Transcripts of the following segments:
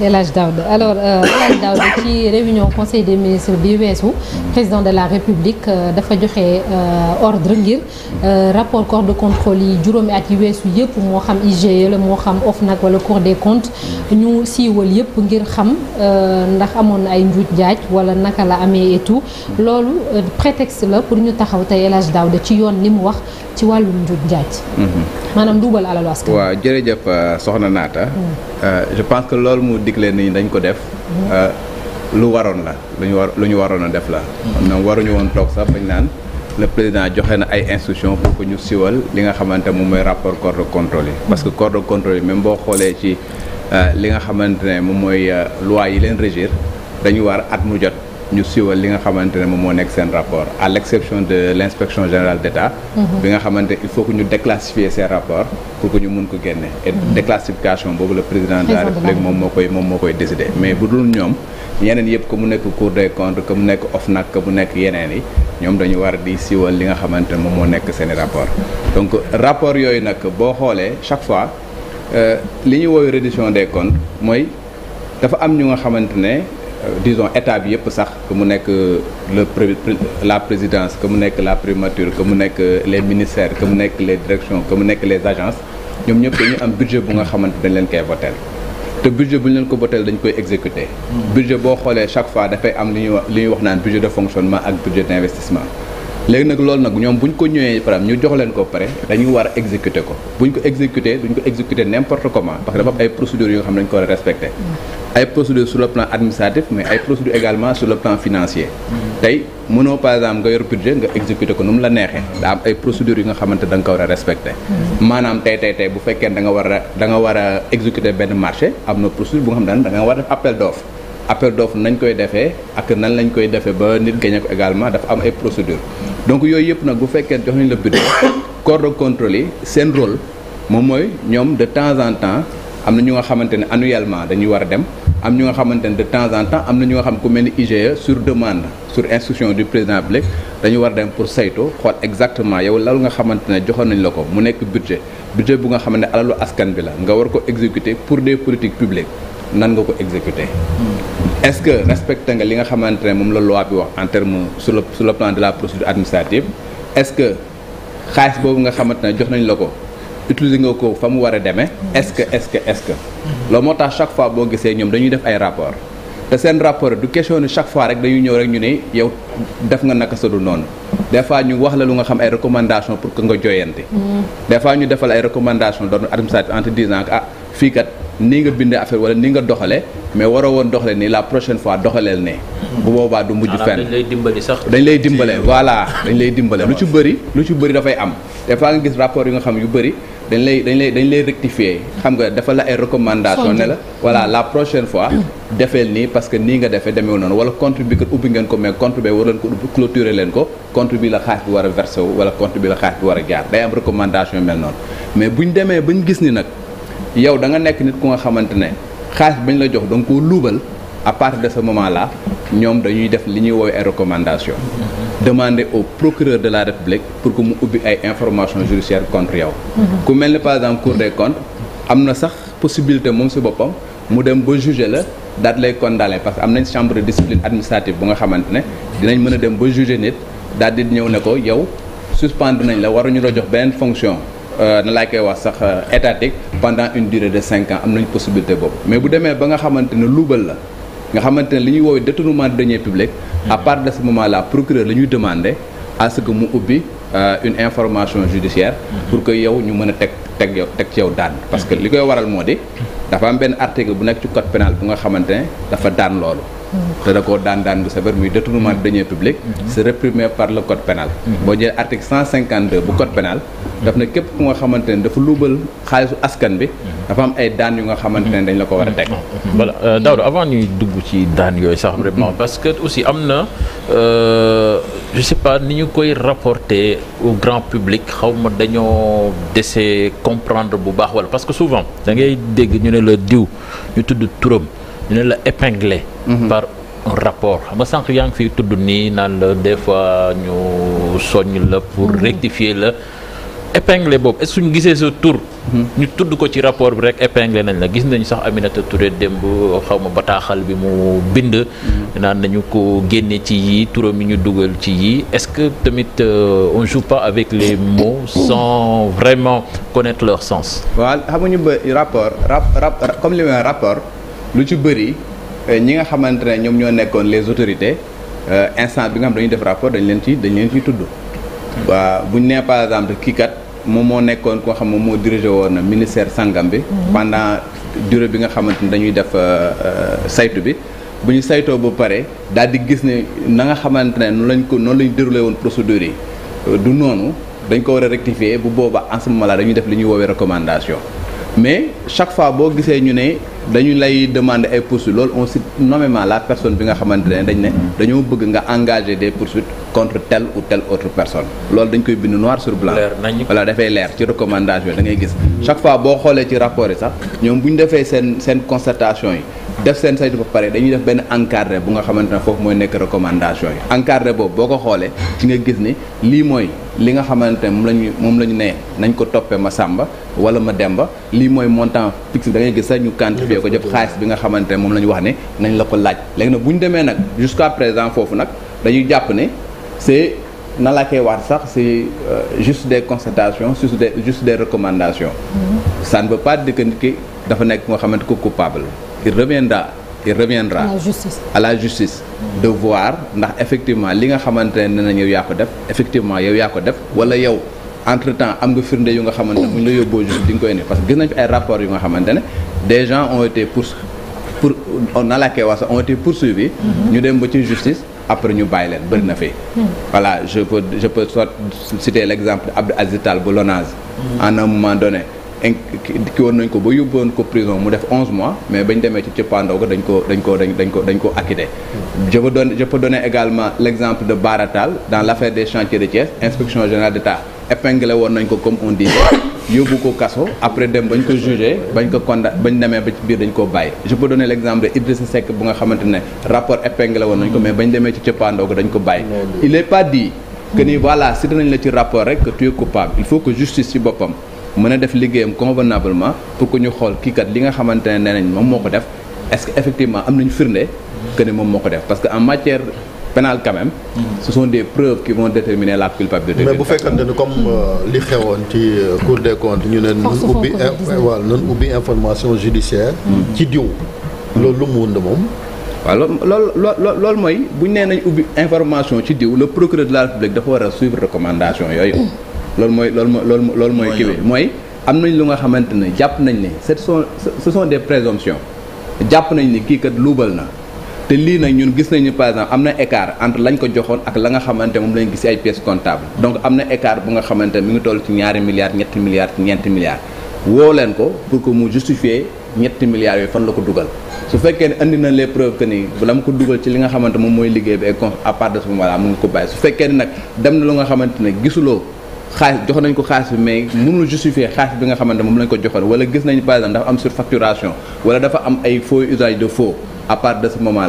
El Hadj Daouda alors euh, El Hadj Daouda ci réunion conseil des ministres bi weesu président de la république euh, dafa joxe euh, ordre ngir rapport corps de contrôle yi juróomi at yi weesu yëpp moo xam IGE la moo xam nag wala cour des comptes ñu siiwal yëpp ngir xam ndax amoon na ay njuuj njaaj wala naka la amee et tout loolu prétexte la pour ñu taxaw tey El Hadj ci yoon li mu wax. ci wàllum njur njaaj mhm. maanaam duubal alalu askan waaw jërëjëf euh, soxna Naata mm. euh, je pense que loolu mu digle nii dañ ko def mm-hmm. euh, lu waroon la lu ñu war lu ñu waroon a def la mm. ñoom waruñu woon toog sax bañ naan le président joxe na ay instruction pour que ñu siwal li nga xamante moom mooy rapport corps de contrôle yi mm. parce que corps de contrôle boo xoolee ci li nga xamante ne moom mooy loi yi leen régir dañu war at mu jot ñu siiwal li nga xamante ne moo nekk seen rapport à l'exception de l'inspection générale d'État mhm. bi nga xamante il faut que ñu déclassifier ces rapports pour que ñu mun ko génne et mhm. déclassification boobu le président de la République moom moo koy moom moo koy décider mais bu dul ñoom yeneen yëpp ko mu nekk Cour des comptes que mu nekk OFNAC que mu nekk yeneen yi ñoom dañu war di siiwal li nga xamante ne moom moo nekk seen i rapport donc rapport yooyu nag boo xoolee chaque fois euh, li ñu wooyu reddition des comptes mooy dafa am ñu nga xamante ne Euh, dison état bi yëpp sax que mu nekk euh, le la présidence que mu nekk la primature que mu nekk euh, les ministères que mu nekk les directions que mu nekk les agences ñoom ñëpp dañu am budget bu nga xamante dañ leen koy voter te budget bu ñu leen ko voter dañ koy exécuter hmm. budget boo xoolee chaque fois dafay am li ñuy li ñuy wax naan budget de fonctionnement ak budget d'investissement léegi nag loolu nag ñoom bu ñu ko ñëwee par exemple ñu jox leen ko pare dañu war a exécuter ko bu ñu ko exécuter duñ ko exécuter n'importe comment parce que dafa am ay procédures yoo xam ne dañu ko war a respecter ay procédures sur le plan administratif mais ay procédures également sur le plan nga yor budget ko nu mu la neexee ay procédures yi nga xamante da war a respecter maanaam tey tey tey bu fekkee da nga war a da nga war a exécuter benn marché am na procédure bu nga xam ne da nga war a def appel d'offre appel d'offre nañ koy defee ak nan lañ koy defee ba nit gañe ko également dafa am ay procédure donc yooyu yëpp nag bu fekkee jox nañ la budget corps de contrôle yi seen rôle moom mooy ñoom de temps en temps am na ñu nga xamante ne annuellement dañuy war a dem am ñu nga xamante ne de temps en temps am na ñu nga xam ku mel ni IGE sur demande sur instruction du président bi dañu war dem pour saytu xool exactement yow lalu nga xamante ne joxoon nañ la ko mu nekk budget budget bu nga xamante ne alalu askan bi la nga war ko exécuter pour des politiques publiques nan nga ko exécuter est-ce que respecté nga li nga xamante ne moom la loi bi wax en terme sur le sur le plan de la procédure administrative est que xaalis boobu nga xamante ne jox nañ la ko utiliser nga ko fa mu war a demee est-ce que est que est-ce que loolu moo tax chaque fois boo gisee ñoom dañuy def ay rapport te seen rapport du question ni chaque fois rek dañuy ñëw rek ñu ne yow def nga naka sa dul noonu des fois ñu wax la lu nga xam ay recommandation pour que nga joyante mm. des fois ñu defal ay recommandation nii nga bindee affaire wala nii nga doxalee mais waroo woon doxalee nii la prochaine fois doxaleel ne. bu boobaa du mujj fenn dañ lay dimbali sax. dañ lay dimbale voilà dañ lay dimbale lu ci bëri lu ci bëri dafay am des fois nga gis rapport yu nga xam yu bëri dañ lay dañ lay dañ lay rectifier xam nga defal ay recommandation ne la voilà la prochaine fois. defeel nii parce que nii nga defee demeewul noonu wala compte bi kat ubbi ngeen ko mais compte bee war leen ko ubbi clôturer leen ko compte la xaalis bi war wala compte bi la xaalis war a jaar day am recommandation yu mel noonu gis ni nag yow da nga nekk nit ku nga xamante ne ba ñu la jox da nga luubal à partir de sa moment là ñoom dañuy def li ñuy woowee ay recommandation mm-hmm. demander au procureur de la république pour que mu ubbi ay information judiciaire contre yow mm-hmm. ku mel ni par exemple cour des comptes am na sax possibilité moom si boppam mu dem ba juger la daat lay condamné parce que am nañ chambre de discipline administrative bu nga xamante ne dinañ mën a dem ba juger nit daal di ñëw ne ko yow suspendre nañ la waruñu la jox beneen fonction Euh, na laay koy wax sax euh, étatique pendant une dure de cinq ans am nañ possibilité boobu mais bu demee ba nga xamante ne luubal la nga xamante ne li ñuy woowee détournement de deniers publics à hmm. partir de ce moment là procureur la ñuy demander à que mu ubbi euh, une information judiciaire hmm. pour que yow ñu mën a teg teg teg ci yow daan parce que hmm. li koy waral moo di dafa am benn article bu nekk ci code pénal bu nga xamante ne dafa daan loolu te da koo daan daan bu sévère muy détournement de deniers publics c'est mhm. réprimé par le code pénal mhm. boo jëlee article 152 bu code pénal mhm. daf ne képp ku nga xamante ne dafa luubal xaalisu askan bi dafa am ay daan yu nga xamante ne dañu la ko war a teg voilà euh, Daouda avant ñuy dugg ci daan yooyu sax vraiment parce que aussi am na euh, je sais ni ñu koy rapporter au grand public xaw ma dañoo dese comprendre bu baax wala parce que souvent da ngay dégg ñu ne la diw ñu tudd turam ñu ne la épinglé Mhm. par un rapport xam nga sànq yaa ngi tudd nii naan la des fois ñu soññ la pour mhm. rectifier la épinglé boobu est-ce que suñu gisee sa tour mhm. ñu tudd ko ci rapport bi rek épinglé nañ la gis nañu sax aminat Aminata Touré démb xaw ma bataaxal bi mu bind naan nañu ko génne ci yi turam yi ñu dugal ci yi est-ce que tamit euh, on joue pas avec les mots sans vraiment connaître leur sens waaw xamuñu ba rapport rap comme li ma rapport lu ci bëri Euh, ñi nga xamante ne ñoom ñoo nekkoon les autorités euh, instant bi nga xam dañuy def rapport dañu leen ci dañ leen ciy tudd. waa bu ñu nee par exemple kii kat moom moo nekkoon koo xam moom moo dirigé woon ministère sangam bi. Mhm. pendant dure bi nga xamante ni dañuy def euh, saytu bi. bu ñu saytoo ba pare daal di gis ne na nga xamante ne noonu lañ ko noonu lañ déroulé woon procédure yi du noonu dañ ko war a rectifier bu boobaa en ce dañuy def li ñuy woowee recommandation. mais chaque fois boo gisee ñu ne dañu lay demander ay poursuites loolu on cite nommément la personne bi nga xamante ne dañ ne dañoo bëgg nga engager des poursuites contre telle ou telle autre personne loolu dañ koy bind noir sur blanc voilà dafay leer ci recommandation da dangay gis chaque fois boo xoolee ci rapport yi sax ñoom bu ñu defee seen seen constatation yi def seen saytu ba pare dañuy def benn encadré bu nga xamante ne foofu mooy nekk recommandation yi encadré boobu boo ko xoolee ci nga gis ni lii mooy li nga xamante ne moom la ñu moom la ñu ne nañ ko toppee Massamba wala ma dem ba lii mooy montant fixe da ngay gis sax ñu quantifier ko jëpp xaalis bi nga xamante ne moom la ñu wax ne nañ la ko laaj léegi na bu ñu demee nag jusqu'à présent foofu nag dañuy jàpp ne c'est na laa koy wax sax c'est euh, juste des constatations juste des juste des recommandation mm-hmm. ça ne veut pas dire nit ki dafa nekk nga xamante ko coupable il reviendra il reviendra à la justice, à mm-hmm. de voir ndax effectivement li nga xamante ne nañ yow yaa ko def effectivement yow yaa ko def wala yow entre temps am nga firnde yu nga xamante ne bu ñu la yóbboo justice di nga koy indi parce que gis nañ fi ay rapports yu nga xamante ne des gens ont été pour pour na la wax sax ont été poursuivis. Mhm. ñu dem ba ci justice après ñu bàyyi leen bëri na fi. Mhm. voilà je peux je peux soit exemple Abdou Aziz Tall bu LONASE. Mhm. en un moment donné. ki woon nañ ko ba yóbboon ko prison mu def 11 mois mais bañ demee ci cëppaandaw ga dañ ko dañ ko dañ ko dañ ko acquitté hmm. je de Baratal dans l'affaire des chantiers de Thiès inspection générale d'État épinglé woon nañ ko ko kaso après dem bañ ko jugé bañ ko demee ba ci biir dañ koo bàyyi je nga xamante ne rapport épinglé woon nañ mais bañ demee ci cëppaandaw ga dañ ko bàyyi il est pas dit que ni hmm. voilà si danañ la ci rapport rek que tu coupable il faut que justice ci boppam mën a def liggéeyam convenablement pour que ñu xool kii kat li nga xamante ne nee nañ moom moo ko def est-ce que effectivement am nañ firnde que ne moom moo ko def parce que en matière pénale quand même. Mm. ce sont des preuves qui vont déterminer la culpabilité. mais bu fekkante ni comme euh, li xewoon ci euh, cour des comptes ñu ne. force foofu ubbi waaw nañ ubbi information judiciaire. Mm. ci diw loolu lu mu wënd moom. waaw loolu loolu loolu mooy bu ñu nee nañ ubbi information ci diw le procureur de la République dafa war a suivre yooyu. loolu mooy loolu mooy loolu loolu mooy kii bi mooy am lu nga xamante ne jàpp nañ ne ce sont ce son des présomptions jàpp nañ ni kii kat luubal na te lii nag ñun gis nañu par exemple am na écart entre lañ ko joxoon ak la nga xamante moom lañ gis ay pièces comptables donc am na écart bu nga xamante mi ngi toll ci ñaari milliards ñetti milliards ñeenti milliards woo leen ko pour ko mu justifier ñetti milliards yooyu fan la ko dugal su fekkee ne indi na les la mu ko dugal ci li nga xamante moom mooy liggéey bi et à ko bàyyi su fekkee nag dem na lu nga xamante ne gisuloo xaalis jox nañ ko xaalis bi mais mënul justifier xaalis bi nga xamante moom lañ ko joxoon wala gis nañ par exemple dafa am surfacturation wala dafa am ay faux usage de faux à part de ce moment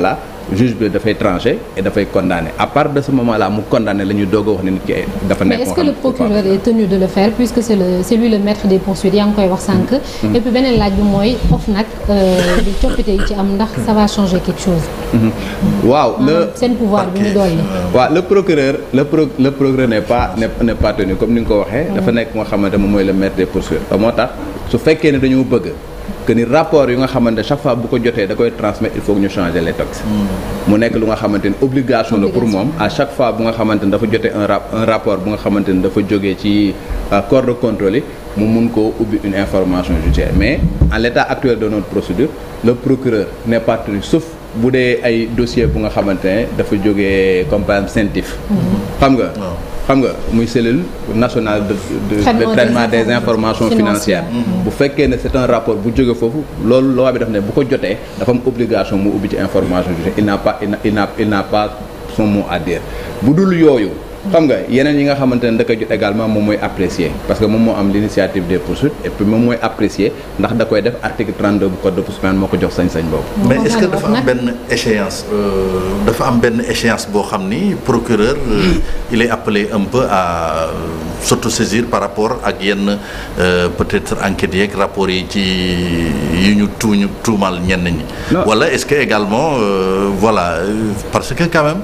juge bi dafay tranché et dafay condamné à part de ce moment là mu condamné la ñuy doog wax ne nit ki dafa nekk. mais est mm-hmm. euh, ci am ndax ça va changer quelque chose. Mm-hmm. waaw le seen pouvoir bi ñu doon euh, waaw le procureur le pro le ni nga ko waxee. Mm-hmm. dafa nekk nga xamante moom mooy le maître des poursuites moo tax su fekkee ne dañoo bëgg. que ni rapport yu nga xamante chaque fois bu ko jotee da koy transmettre il faut ñu changer les textes hmm. mu nekk lu nga xamante ni obligation la pour moom à chaque fois bu nga xamante ni dafa jotee un rapport bu nga xamante ni dafa jógee ci euh, corps de contrôle yi mu mun koo ubbi une information judiciaire mais en l'état de notre procédure le procureur n'est pas tenu sauf bu dee ay dossier bu nga xamante ne dafa jóge comme par hmm. xam nga xam nga muy cellule nationale de de traitement des informations financières mhm. bu fekkee ne c'est un rapport bu jóge foofu loolu loi bi daf ne bu ko jotee dafa am obligation mu ubbi ci information il n'a pas il n'a il n'a pas son mot à bu dul yooyu xam nga yeneen yi nga xamante ne da koy également moom mooy apprécier parce que moom moo am l'initiative des poursuites et puis moom mooy apprécier ndax da koy def article 32 bu code de poursuite pénale moo ko jox sañ-sañ boobu. mais est-ce que dafa am benn échéance euh, dafa am benn échéance boo xam ni procureur euh, hmm. il est appelé un peu à. Euh, s'autosaisir par rapport ak yenn euh, peut-être enquêtes yeeg rapport yi ci yi ñu tuuñu tuumal ñenn ñi. wala est-ce que également euh, voilà euh, parce que quand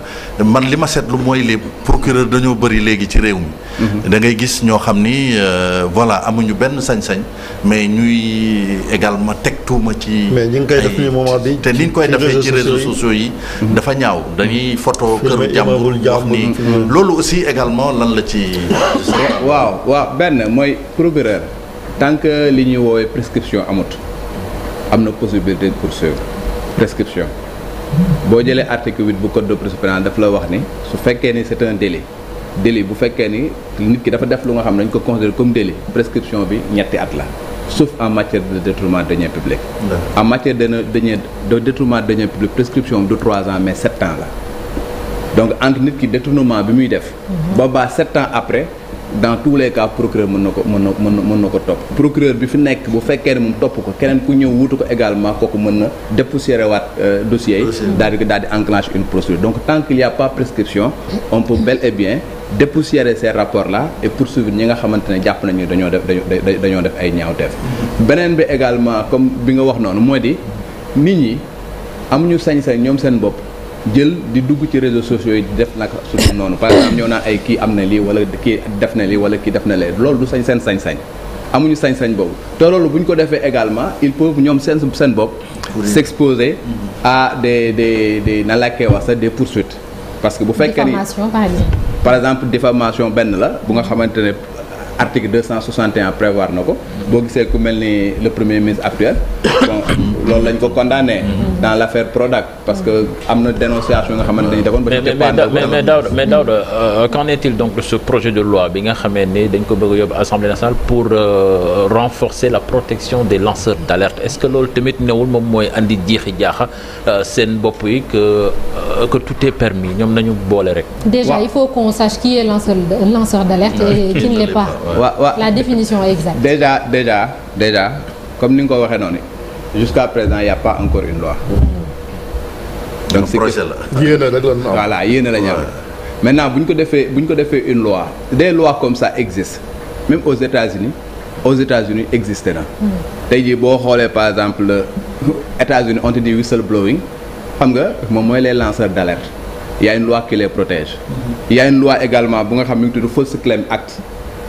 man li ma seetlu mooy les procureurs dañoo bëri léegi ci réew mi. Mm-hmm. da ngay gis ñoo xam ni voilà amuñu benn sañ-sañ mais ñuy également teg tuuma ci. mais ñi ngi koy def nii moment bi te liñ koy defee ci réseaux sociaux yi. dafa ñaaw dañuy foto këru jàmbur wax ni mm. loolu aussi également lan la ci. waaw waaw benn mooy procureur tant que li ñuy woowee prescription amut am na possibilité de poursuivre prescription boo jëlee article 8 bu code de procédure pénale daf la wax ni su fekkee ni c'est un délit délit bu fekkee ni nit ki dafa def lu nga xam nañ ko considérer comme délit prescription bi ñetti at la. sauf en matière de détournement de deniers publics en matière de deniers de détournement de deniers publics prescription du trois ans mais sept ans la donc entre nit ki détournement bi muy def mhm. boobaa sept ans après dans tous les cas procureur mën na ko mën na mën na ko topp procureur bi fi nekk bu fekkee ne moom topp ko keneen ku ñëw wutu ko également kooku mën na dépoussiérer waat euh, dossier yi daal di daal di enclencher une procédure donc tant qu'il y a pas prescription on peut bel et bien dépoussiérer ces rapports là et poursuivre ñi nga xamante ne jàpp nañu dañoo def dañoo def ay ñaawteef beneen bi également comme bi nga wax noonu mooy di nit ñi am ñu sañ-sañ ñoom seen bopp jël di dugg ci réseaux sociaux yi def naka su noonu par exemple ñëw naan ay kii am na lii wala kii def na lii wala kii def na lee loolu du sañ seen sañ-sañ amuñu sañ-sañ boobu te loolu bu ñu ko defee également ils peuvent ñoom seen seen bopp s'exposer a de de des na lakkee wax sax des poursuites parce que bu fekkee ni par exemple diffamation benn la bu nga xamante ne article 261 prévoir na ko boo gisee ku mel ni le premier ministre actuel bon loolu ko condamné dans l' affaire parce que am na dénonciation nga xamante ni defoon ba mais Daouda mais Daouda euh, qu'en est-il donc de projet de loi bi nga xamee ni dañ ko bëgg a yóbbu assemblée nationale pour euh, renforcer la protection des lanceurs d' alerte est ce que loolu tamit newul moom mooy andi jeexi jaaxa euh, seen bopp yi que que tout est permis ñoom nañu boole rek waa waaw la définition exacte. déjà déjà déjà comme ni nga ko waxee noonu jusqu'à présent y a pas encore une loi. Mm. donc si projet la. yéen a la doon am voilà yéen a la ñu am maintenant bu ñu ko defee bu ñu ko defee une loi des lois comme ça existent même aux États-Unis aux États-Unis existé na. Mm. tey jii boo xoolee par exemple États-Unis on te dit whistleblowing xam nga moom mooy les lancer d'alerte y a une loi qui les protège. Mm. y une loi également bu nga xam ne ñu tudd False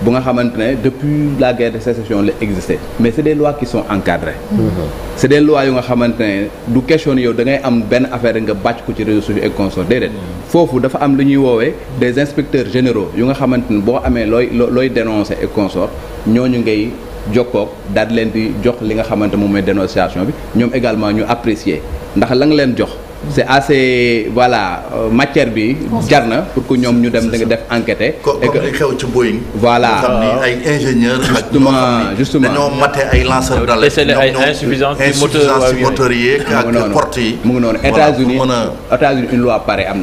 bu nga xamante ne depuis la guerre de sécession la existé mais c' est des lois qui sont mm-hmm. yu nga xamante ne du question yow da ngay am benn affaire nga bàcc ko ci réseaux sociaux et consorts déedéet. Mm-hmm. foofu dafa am lu ñuy woowee des inspecteurs généraux yu nga xamante ne boo amee looy looy dénoncer et consorts ñooñu ngay jokkoog daal leen di jox li nga xamante moom mooy dénonciation bi ñoom également ñu apprécier ndax la nga leen jox. c' est assez voilà euh, matière bi jar na pour que ñoom ñu dem da nga def enquête. et que xew ci Boeing. voilà ni ay ingénieurs. ak ñoo xam ni dañoo mate ay lanceurs d'alerte. ñoom ñoom insuffisance ci moteur yi ak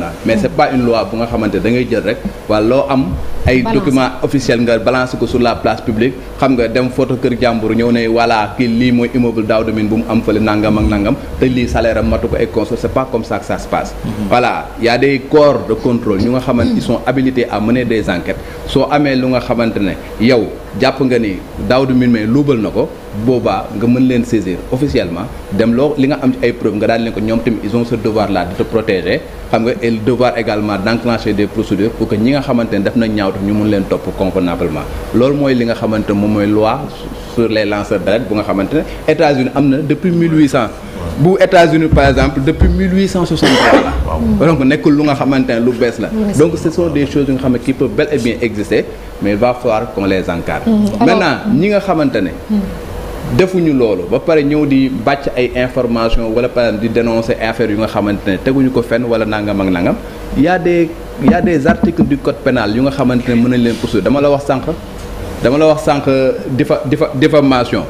na. mais c' pas une loi bu nga xamante da ngay jël rek. wala loo am ay documents officiels nga balancé ko sur la place publique xam nga dem photo kër jàmbur ñëw ne voilà kii lii mooy immeuble Daouda Mine bu mu am fële nangam ak nangam te lii salaire matu ko ay consor pas comme ça que ça se passe. Mhm. voilà a des corps de contrôle ñu nga xamante ni mhm. Daouda Mimé luubal na ko boobaa nga mën leen saisir officiellement dem loo li nga am ci ay preuves nga daal leen ko ñoom tamit ils de te protéger ñi nga xamante ne def nañ ñaawtu ñu mën leen topp convenablement loolu mooy li mooy loi sur les lanceurs d'alerte bu États-Unis par exemple depuis 1863 la donc nekkul lu nga xamante ne lu bees la donc ce sont des choses yu nga xam ne qui peuvent bel et bien exister mais il va falloir qu'on les encadre mm-hmm. maintenant ñi nga xamante ne mm-hmm. defuñu loolu ba pare ñëw di bàcc ay information wala par di dénoncer affaire yu nga xamante ne teguñu ko fenn wala nangam ak nangam y a des y a des articles du code pénal yu nga xamante ne mën nañ leen poursuivre dama la wax sànq dama la wax sànq difa difa diffamation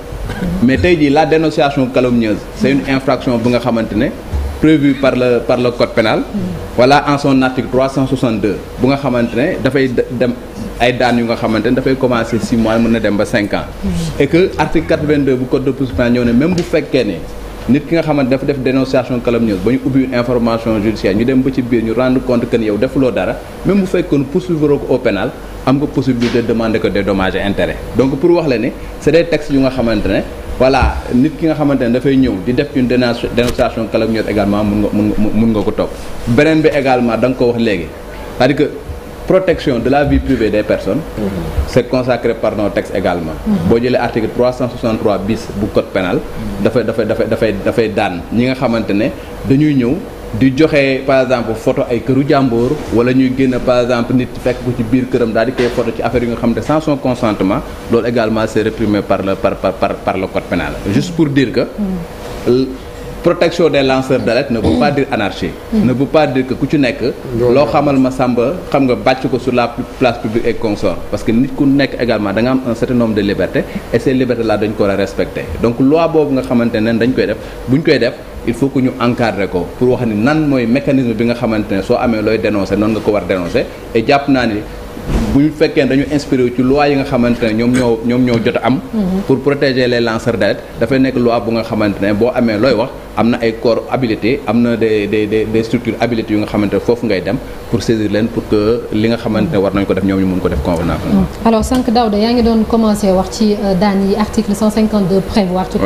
mais tey jii la dénonciation calomnieuse c'est une infraction bu nga xamante ne prévue par le par le code pénal voilà en son article 362 bu nga xamante ne dafay dem ay daan yu nga xamante ne dafay commencer six mois mën na dem ba cinq ans et que article bu code de procédure ñëw ne même bu fekkee ne nit ki nga xamante dafa def dénonciation calomnieuse ba ñu ubbi information judiciaire ñu dem ba ci biir ñu rendre compte que ni yow defuloo dara même bu fekkoon poursuivre ko de demander que donc pour wax la ne c'est des textes yu nga xamante ne voilà nit ki nga xamante ne dafay ñëw di def une dénonciation calomnieuse également mun nga mun nga mun nga ko topp beneen bi également da nga ko wax léegi protection de la vie privée des personnes. Mhm. c'est consacré par nos textes également. Mhm. boo jëlee article 363 bis bu code pénal dafay dafay dafay dafay dafay daan ñi nga xamante ne dañuy ñëw. di joxe par exemple foto ay këru jàmboor wala ñuy génn par exemple nit fekk ko ci biir këram daal di koy photo ci affaire yu nga xam ne sans son consentement loolu également c'est réprimé par le par par par le code pénal juste pour dire que. Mhm. protection des lanceurs d'alerte ne veut pas anarchie. Hmm. ne veut pas dire ku ci nekk. loo xamal ma sàmba xam nga bàcc ko sur la place publique et consort parce que nit ku nekk également da nga am un certain nombre de liberté et ces libertés là ko war a respecter donc loi boobu nga xamante ne dañ koy def buñ koy def. il faut que ñu encadrer ko pour wax ni nan mooy mécanisme bi nga xamante ne soo amee looy dénoncer noon nga ko war dénoncer et jàpp naa ni bu ñu fekkee dañu inspiré wu loi yi nga xamante ne ñoom ñoo ñoom ñoo jot a am. Hmm. pour protéger les lanceurs d'alerte nekk loi bu nga xamante ne boo amee looy wax. am na ay corps habilité am na des des des structures habilitées yu nga xamante ne foofu ngay dem pour saisir leen pour que li nga xamante ne war nañ ko def ñoom ñu mun ko def convenable mm. alors sànq Daouda yaa ngi doon commencé wax ci euh, daan yi article 152 prévoir pour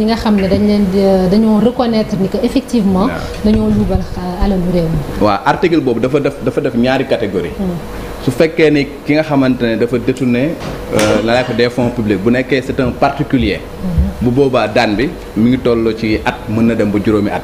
ñi nga xam ne dañ leen euh, dañoo reconnaître ni que effectivement dañoo luubal euh, alalu réew mi waaw article boobu dafa def dafa def ñaari catégorie mm. su fekkee ni ki nga xamante ne dafa détourné la des fonds publics bu nekkee c'est un particulier mm-hmm. bu boobaa daan bi mi ngi toll ci at mën na dem ba juróomi at.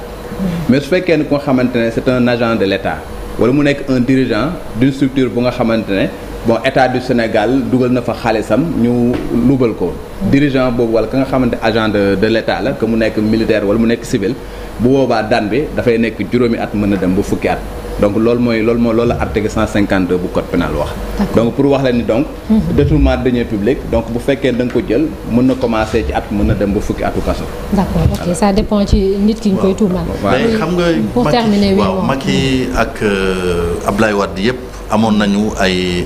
mais su fekkee ne ko xamante ne c'est un agent de l'État wala mu nekk un dirigeant d'une structure bu nga xamante ne bon état du Sénégal dugal na fa xaalisam ñu lubal ko. dirigeant boobu wala ka nga xamante agent de de la que mu nekk militaire wala mu nekk civil bu boobaa daan bi dafay nekk juróomi at mën na dem ba fukki at. donc loolu mooy loolu mooy loolu la article 152 bu code pénal wax donc pour wax la ni donc mhm. détournement de deniers publics donc bu fekkee da nga ko jël mën na commencé ci at mën na dem ba fukki atu kaso sa ok ça ci nit ki ñu koy tuumal mais xam nga pour terminer waaw Macky ak euh, Abdoulaye Wade yëpp amoon nañu ay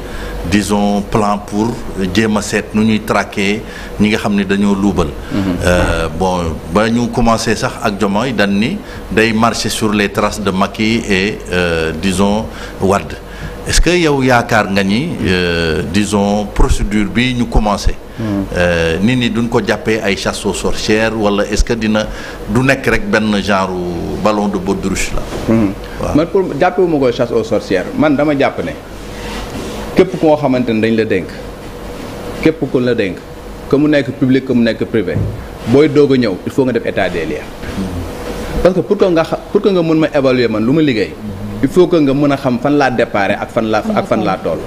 disons plan pour jéem a seet nu ñuy traquer ñi nga xam ni dañoo luubal. Mhm. Euh, bon ba ñu commencé sax ak Diomaye dañ ni day marcher sur les traces de Macky et euh, disons Wade. est-ce que yow yaakaar nga ni euh, dison procédure bi ñu commencé. Hmm. Euh, nit ñi duñ ko jàppee ay chasse aux sorcières wala est-ce que dina du nekk rek benn genre ballon de baudruche la. Hmm. waaw man pour jàppee ma koy chasse aux man dama jàpp ne képp koo xamante ne dañ la dénk képp ku la dénk que mu nekk public que mu nekk privé booy doog ñëw il faut nga def état des hmm. parce que pour que nga pour que nga mën ma évaluer man lu ma liggéey. il faut que nga mën a xam fan laa déparé ak fan laa ak fan laa toll.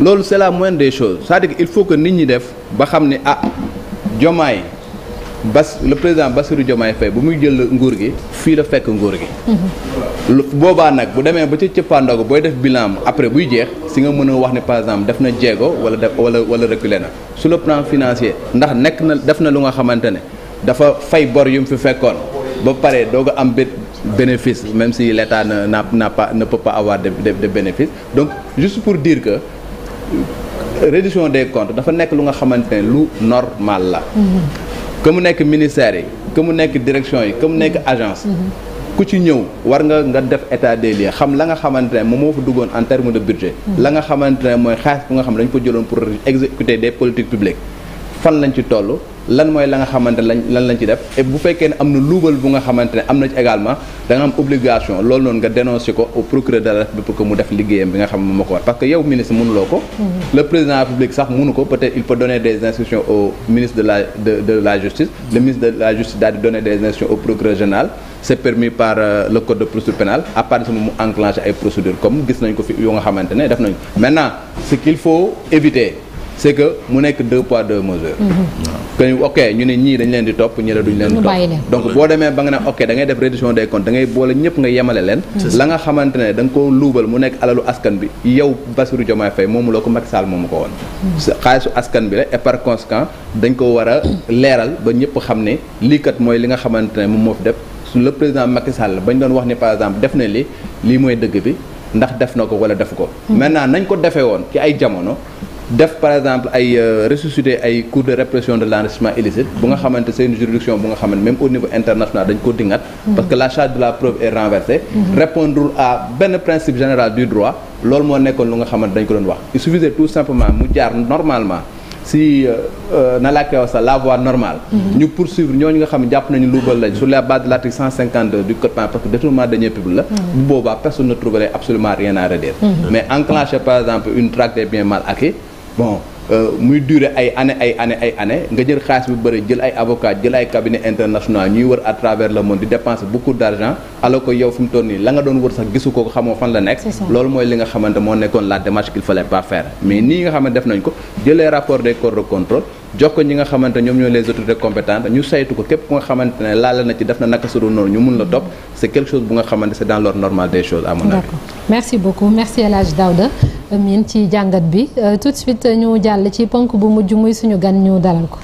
loolu c'est la moindre des choses cest à il faut que nit ñi def ba xam ne ah Diomaye Bas le président Bassirou Diomaye Faye bu muy jël nguur gi fii la fekk nguur gi. Mm-hmm. boobaa nag bu demee ba ca cëppaandoog booy def bilan après buy jeex si nga mën a wax ne par exemple def na jéego wala def wala wala reculer na sur le plan financier ndax nekk na def na lu nga xamante ne dafa fay bor yu mu fi fekkoon ba pare doog am bénéfice, même si leta ne, n'a pas, ne peut pas avoir de, de, de bénéfices. Donc, juste pour dire que euh, réduction des comptes dafa nekk lu nga xamante ne lu normal la que mm-hmm. mu nekk ministère yi que mu nekk direction yi ka mu nekk mm-hmm. agence mm-hmm. ku ci ñëw war nga nga def état des lieux xam la nga xamante ne moom moo fa duggoon en terme de budget la nga xamante ne mooy xaalis bu nga xam ne dañu ko jëloon pour exécuter des politiques publiques fan lañ ci toll lan mooy la nga xamante lañ lan lañ ci def et bu fekkee ne am na luubal bu nga xamante ne am na ci également da nga am obligation loolu noonu nga dénoncé ko au procureur de la République pour que mu def liggéeyam bi nga xam ne moo ko war parce que yow ministre mënuloo ko mm-hmm. le président République sax mënu ko peut-être il peut donner des instructions au ministre de la de de la justice le ministre de la justice daal di donner des instructions c'est que mu nekk deux pois deux mesures. Mhm. waaw ok ñu ne ñii dañ leen di topp ñi la duñ leen di topp donc boo demee ba nga ne ok da ngay def réduction des comptes da boole ñëpp nga yemale leen. la nga xamante ne da nga ko luubal mu nekk alalu askan bi yow Bassirou Diomaye Faye moomu la ko Macky Sall moomu ko woon. Mhm. xaalisu askan bi la et par conséquent dañ ko war a leeral ba ñëpp xam ne lii kat mooy li nga xamante ne moom moo fi def su le président Macky Sall bañ doon wax ni par exemple def na li lii mooy dëgg bi. ndax def na ko wala def ko. maintenant nañ ko defee woon ci ay jamono. def par exemple ay euh, ressuscité ay cours de répression de l'enrichissement illicite bu nga xamante c'est une juridiction bu nga xamante même au niveau international dañ ko dingat parce que la charge de la preuve est renversée mhm. répondre à benn principe général du droit loolu moo nekkoon lu nga xamante dañ ko doon wax il suffisait tout simplement mu jaar normalement si nalaakay wax sax la voie normale. Mhm. ñu poursuivre ñooñu nga xam jàpp nañu luubal lañ sur la base de l'article 152 du code parce que détournement de deniers publics la. Mhm. bu personne ne trouverait absolument rien à redire. Mhm. mais enclencher par exemple une traque des biens mal acquis bon. Euh, muy durer ay année ay année ay année nga jël xaalis bu bëri jël ay avocat jël ay cabinet international ñuy wër à travers le monde di dépenser beaucoup d' argent alors que yow fi mu nii la nga doon wër sax gisu ko xamoo fan la nekk loolu mooy li nga xamante moo nekkoon la démarche qu'il fallait pas faire mais nii nga xamante def nañ ko jëlee rapport des corps de jox ko ñi nga xamante ñoom ñoo les autorités compétentes ñu saytu ko képp ku nga xamante ne laal na ci def na naka su dul noonu ñu mun la topp c' est quelque chose bu nga xamante c' dans l'ordre normal des choses à mon merci beaucoup merci El Hadj Daouda ci jàngat bi euh, tout de suite ñu jàll ci ponk bu mujj muy suñu gan ñu dalal ko.